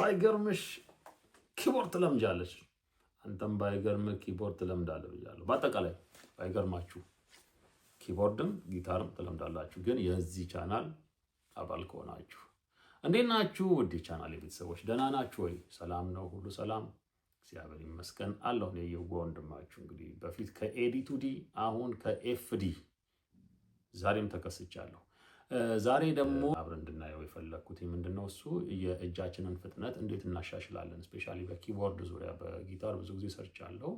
ባይገርምሽ ኪቦርድ ትለምጃለች። አንተም ባይገርም ኪቦርድ ትለምዳለህ ብያለሁ። በአጠቃላይ ባይገርማችሁ ኪቦርድም ጊታርም ትለምዳላችሁ። ግን የዚህ ቻናል አባል ከሆናችሁ እንዴት ናችሁ? ውድ ቻናል የቤተሰቦች ደህና ናችሁ ወይ? ሰላም ነው፣ ሁሉ ሰላም፣ እግዚአብሔር ይመስገን አለሁ። እኔ የዋ ወንድማችሁ እንግዲህ በፊት ከኤዲቱዲ አሁን ከኤፍዲ ዛሬም ተከስቻለሁ። ዛሬ ደግሞ አብረን እንድናየው የፈለግኩት ምንድን ነው እሱ የእጃችንን ፍጥነት እንዴት እናሻሽላለን። እስፔሻሊ በኪቦርድ ዙሪያ በጊታር ብዙ ጊዜ ሰርች አለው፣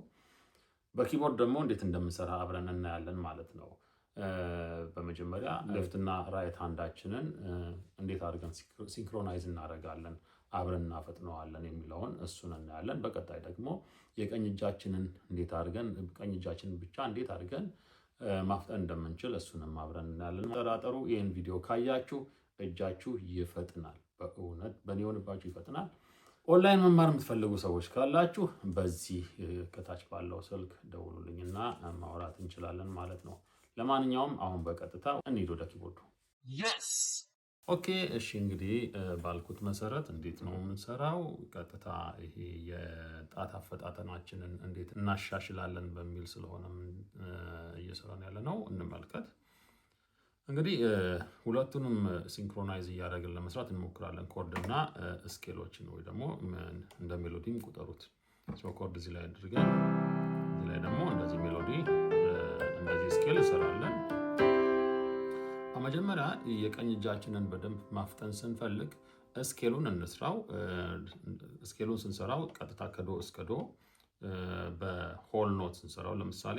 በኪቦርድ ደግሞ እንዴት እንደምንሰራ አብረን እናያለን ማለት ነው። በመጀመሪያ ሌፍትና ራይት ሃንዳችንን እንዴት አድርገን ሲንክሮናይዝ እናደርጋለን፣ አብረን እናፈጥነዋለን የሚለውን እሱን እናያለን። በቀጣይ ደግሞ የቀኝ እጃችንን እንዴት አድርገን ቀኝ እጃችንን ብቻ እንዴት አድርገን ማፍጠን እንደምንችል እሱንም አብረን እናያለን። ጠራጠሩ ይህን ቪዲዮ ካያችሁ እጃችሁ ይፈጥናል፣ በእውነት በእኔ ሆንባችሁ ይፈጥናል። ኦንላይን መማር የምትፈልጉ ሰዎች ካላችሁ በዚህ ከታች ባለው ስልክ ደውሉልኝና ማውራት እንችላለን ማለት ነው። ለማንኛውም አሁን በቀጥታ እንሂድ ወደ ኪቦርዱ ኦኬ እሺ እንግዲህ ባልኩት መሰረት እንዴት ነው የምንሰራው? ቀጥታ ይሄ የጣት አፈጣጠናችንን እንዴት እናሻሽላለን በሚል ስለሆነ እየሰራን ያለ ነው። እንመልከት እንግዲህ ሁለቱንም ሲንክሮናይዝ እያደረግን ለመስራት እንሞክራለን። ኮርድ እና ስኬሎችን ወይ ደግሞ እንደ ሜሎዲም ቁጠሩት። ኮርድ እዚህ ላይ አድርገን እዚህ ላይ ደግሞ እንደዚህ ሜሎዲ እንደዚህ ስኬል እንሰራለን። መጀመሪያ የቀኝ እጃችንን በደንብ ማፍጠን ስንፈልግ እስኬሉን እንስራው። እስኬሉን ስንሰራው ቀጥታ ከዶ እስከ ዶ በሆል ኖት ስንሰራው ለምሳሌ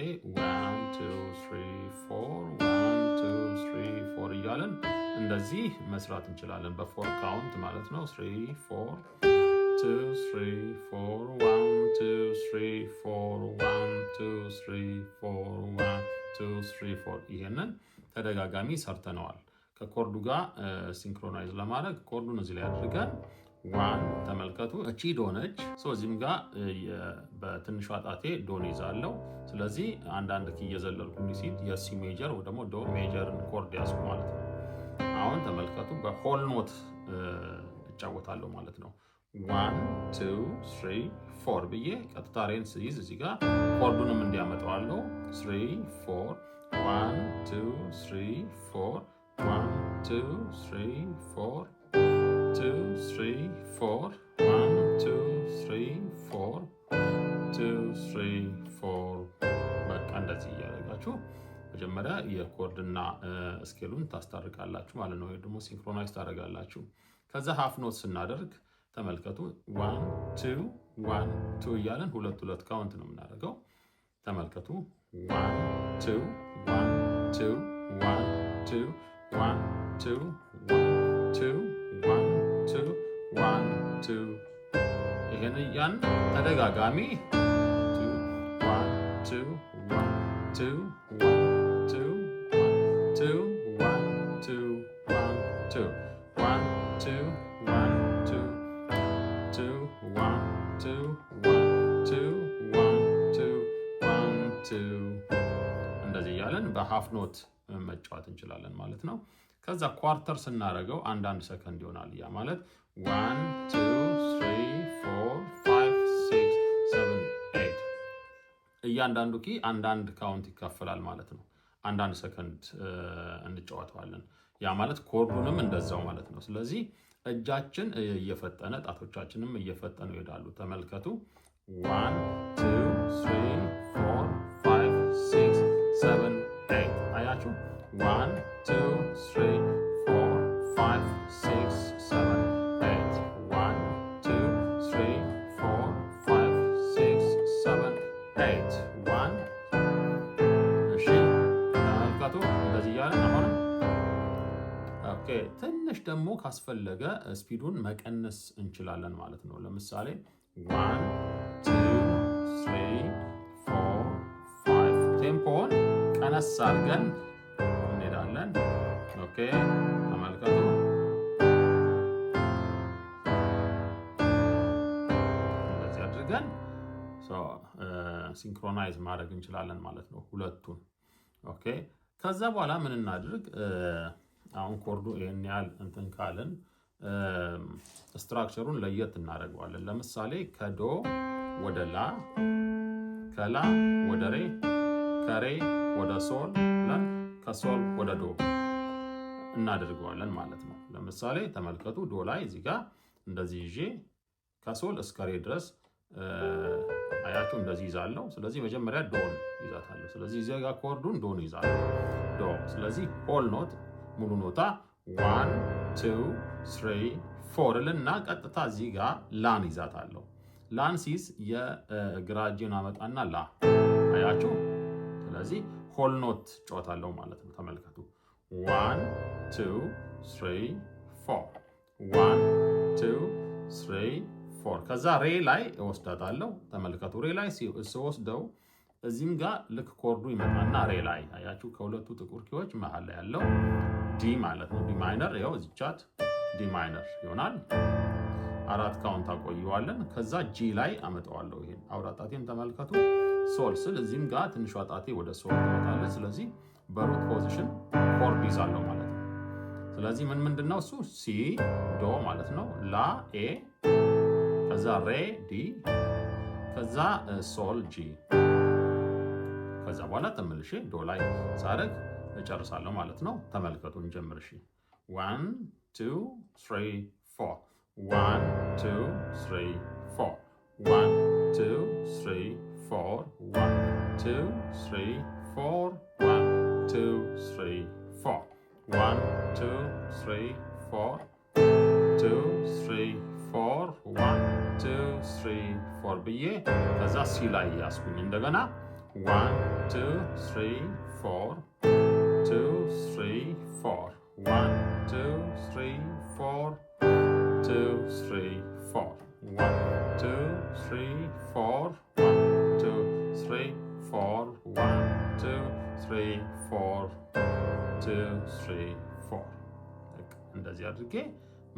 ፎር እያለን እንደዚህ መስራት እንችላለን። በፎር ካውንት ማለት ነው። ፎር ይሄንን ተደጋጋሚ ሰርተነዋል። ከኮርዱ ጋር ሲንክሮናይዝ ለማድረግ ኮርዱን እዚህ ላይ አድርገን ዋን ተመልከቱ። እቺ ዶነች። እዚህም ጋር በትንሿ ጣቴ ዶን ይዛለው። ስለዚህ አንዳንድ እየዘለልኩ ሲል የሲ ሜጀር ወይ ደግሞ ዶ ሜጀር ኮርድ ያዝኩ ማለት ነው። አሁን ተመልከቱ፣ በሆል ኖት እጫወታለሁ ማለት ነው። ዋን ቱ ስሪ ፎር ብዬ ቀጥታ ሬንስ ይዝ እዚህ ጋር ኮርዱንም እንዲያመጣዋለው ስሪ ፎር ዋን ቱ ስሪ ፎር ዋን ቱ ስሪ ፎር ቱ ስሪ ፎር ዋን ቱ ስሪ ፎር ቱ ስሪ ፎር። በቃ እንደዚህ እያደረጋችሁ መጀመሪያ የኮርድና ስኬሉን ታስታርቃላችሁ ማለት ነው፣ ወይም ደግሞ ሲንክሮናይዝ ታደርጋላችሁ። ከዛ ሀፍ ኖት ስናደርግ ተመልከቱ፣ ዋን ቱ ዋን ቱ እያለን ሁለት ሁለት ካውንት ነው የምናደርገው። ተመልከቱ። ዋን ቱ ዋን ዋን ዋን ቱ ዋን ቱ ዋን ቱ ዋን ይህን እያን ተደጋጋሚ እያለን በሀፍ ኖት መጫወት እንችላለን ማለት ነው። ከዛ ኳርተር ስናደርገው አንዳንድ ሰከንድ ይሆናል። ያ ማለት ዋን ቱ ስሪ ፎር ፋይቭ ሲክስ ሰቨን ኤይት እያንዳንዱ ኪ አንዳንድ ካውንት ይካፈላል ማለት ነው። አንዳንድ ሰከንድ እንጫወተዋለን። ያ ማለት ኮርዱንም እንደዛው ማለት ነው። ስለዚህ እጃችን እየፈጠነ ጣቶቻችንም እየፈጠኑ ይሄዳሉ። ተመልከቱ ዋን ቱ ስሪ ፎር seven, eight. አያችሁ። ዋን ቱ ስሪ ፎር ፋይቭ ሲክስ ሰቨን ኤይት ዋን ቱ ስሪ ፎር ፋይቭ ሲክስ ሰቨን ኤይት ዋን ኦኬ። ትንሽ ደግሞ ካስፈለገ ስፒዱን uh, መቀነስ እንችላለን ማለት ነው። ለምሳሌ ዋን ቱ ፎር ፋይቭ ቴምፖን ቀነስ አድርገን እንሄዳለን። ኦኬ ተመልከቱ። እንደዚህ አድርገን ሲንክሮናይዝ ማድረግ እንችላለን ማለት ነው ሁለቱን። ኦኬ ከዛ በኋላ ምን እናድርግ? አሁን ኮርዱ ይህን ያህል እንትን ካልን ስትራክቸሩን ለየት እናደርገዋለን። ለምሳሌ ከዶ ወደ ላ ከላ ወደ ሬ ከሬ ወደ ሶል ብለን ከሶል ወደ ዶ እናደርገዋለን ማለት ነው። ለምሳሌ ተመልከቱ። ዶ ላይ እዚህ ጋር እንደዚህ ይዤ ከሶል እስከ ሬ ድረስ አያችሁ እንደዚህ ይዛለው። ስለዚህ መጀመሪያ ዶን ይዛታለሁ። ስለዚህ እዚህ ጋር ኮርዱን ዶን ይዛለሁ። ዶ ስለዚህ ሆል ኖት ሙሉ ኖታ ዋን ቱ ስሪ ፎር ልና ቀጥታ እዚህ ጋር ላን ይዛታለሁ። ላን ሲስ የግራጅን አመጣና ላ አያችሁ ስለዚህ ሆል ኖት ጨዋታለሁ ማለት ነው። ተመልከቱ። ዋን ቱ ስሪ ፎር፣ ዋን ቱ ስሪ ፎር። ከዛ ሬ ላይ እወስዳታለሁ። ተመልከቱ። ሬ ላይ ስወስደው እዚህም ጋር ልክ ኮርዱ ይመጣና ሬ ላይ አያችሁ፣ ከሁለቱ ጥቁር ኪዎች መሀል ላይ ያለው ዲ ማለት ነው። ዲ ማይነር ያው እዚቻት ዲ ማይነር ይሆናል። አራት ካውንት አቆየዋለን። ከዛ ጂ ላይ አመጣዋለሁ። ይሄን አውራጣቴን ተመልከቱ። ሶል ስል እዚህም ጋር ትንሿ ጣቴ ወደ ሶል ትወጣለች። ስለዚህ በሩት ፖዚሽን ኮርድ ይዛለሁ ማለት ነው። ስለዚህ ምን ምንድን ነው እሱ ሲ ዶ ማለት ነው። ላ ኤ፣ ከዛ ሬ ዲ፣ ከዛ ሶል ጂ። ከዛ በኋላ ተመልሼ ዶ ላይ ሳደግ እጨርሳለሁ ማለት ነው። ተመልከቱ፣ እንጀምር። እሺ ዋን ቱ ስሪ ፎ ዋን ቱ ስሪ ፎ ዋን ቱ ስሪ four, one, two, three, four, one, two, three, four, one, two, three, four, two, three, four, one, two, three, four ብዬ ከዛ ሲ ላይ ያስኩኝ እንደገና one, two, three, four, two, three, four, one, two, three, four, two, three, four, one, two, three, four. three, four, one, two, three, four, two, three, four እንደዚህ አድርጌ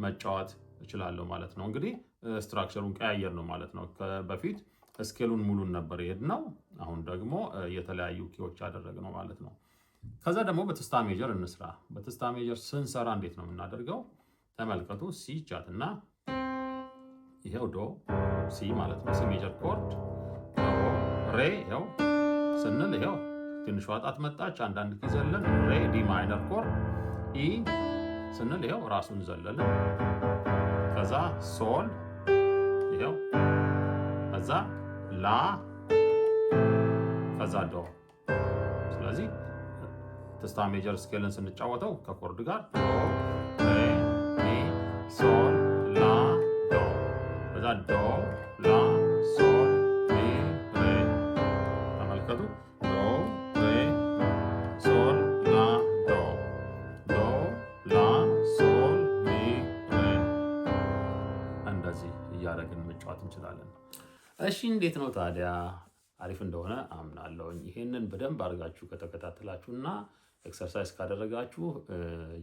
መጫወት እችላለሁ ማለት ነው። እንግዲህ ስትራክቸሩን ቀያየር ነው ማለት ነው። በፊት እስኬሉን ሙሉን ነበር ይሄድ አሁን ደግሞ የተለያዩ ኪዎች ያደረግ ነው ማለት ነው። ከዛ ደግሞ በትስታ ሜጀር እንስራ። በትስታ ሜጀር ስንሰራ እንዴት ነው የምናደርገው? ተመልከቱ። ሲ ቻት እና ይሄው ዶ ሲ ማለት ነው። ሲ ሜጀር ኮርድ ሬ ያው ስንል ይኸው ትንሿ ጣት መጣች። አንዳንድ ጊዜ ዘለን ሬ ዲ ማይነር ኮር ኢ ስንል ይኸው ራሱን ዘለልን። ከዛ ሶል ይኸው ከዛ ላ ከዛ ዶ። ስለዚህ ትስታ ሜጀር ስኬልን ስንጫወተው ከኮርድ ጋር ሶል ላ ዶ ከዛ ዶ ላ ተመልከቱ ዶ ሬ ሶል ላ ዶ ዶ ላ ሶል ሚ ሬ እንደዚህ እያደረግን መጫወት እንችላለን። እሺ እንዴት ነው ታዲያ? አሪፍ እንደሆነ አምናለሁኝ። ይሄንን በደንብ አድርጋችሁ ከተከታተላችሁ ከተከታተላችሁና ኤክሰርሳይዝ ካደረጋችሁ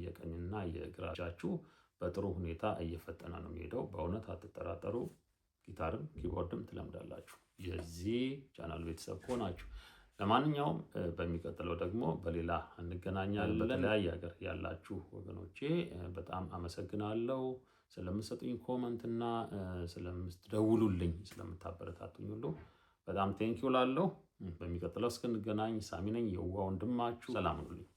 የቀኝና የግራ እጃችሁ በጥሩ ሁኔታ እየፈጠነ ነው የሚሄደው። በእውነት አትጠራጠሩ። ጊታርም ኪቦርድም ትለምዳላችሁ። የዚህ ቻናል ቤተሰብ ከሆናችሁ ለማንኛውም በሚቀጥለው ደግሞ በሌላ እንገናኛለን። በተለያየ ሀገር ያላችሁ ወገኖቼ በጣም አመሰግናለሁ ስለምሰጡኝ ኮመንት እና ስለምትደውሉልኝ ስለምታበረታቱኝ ሁሉ በጣም ቴንኪው ላለሁ። በሚቀጥለው እስክንገናኝ ሳሚ ነኝ፣ የዋ ወንድማችሁ። ሰላም ሁኑልኝ።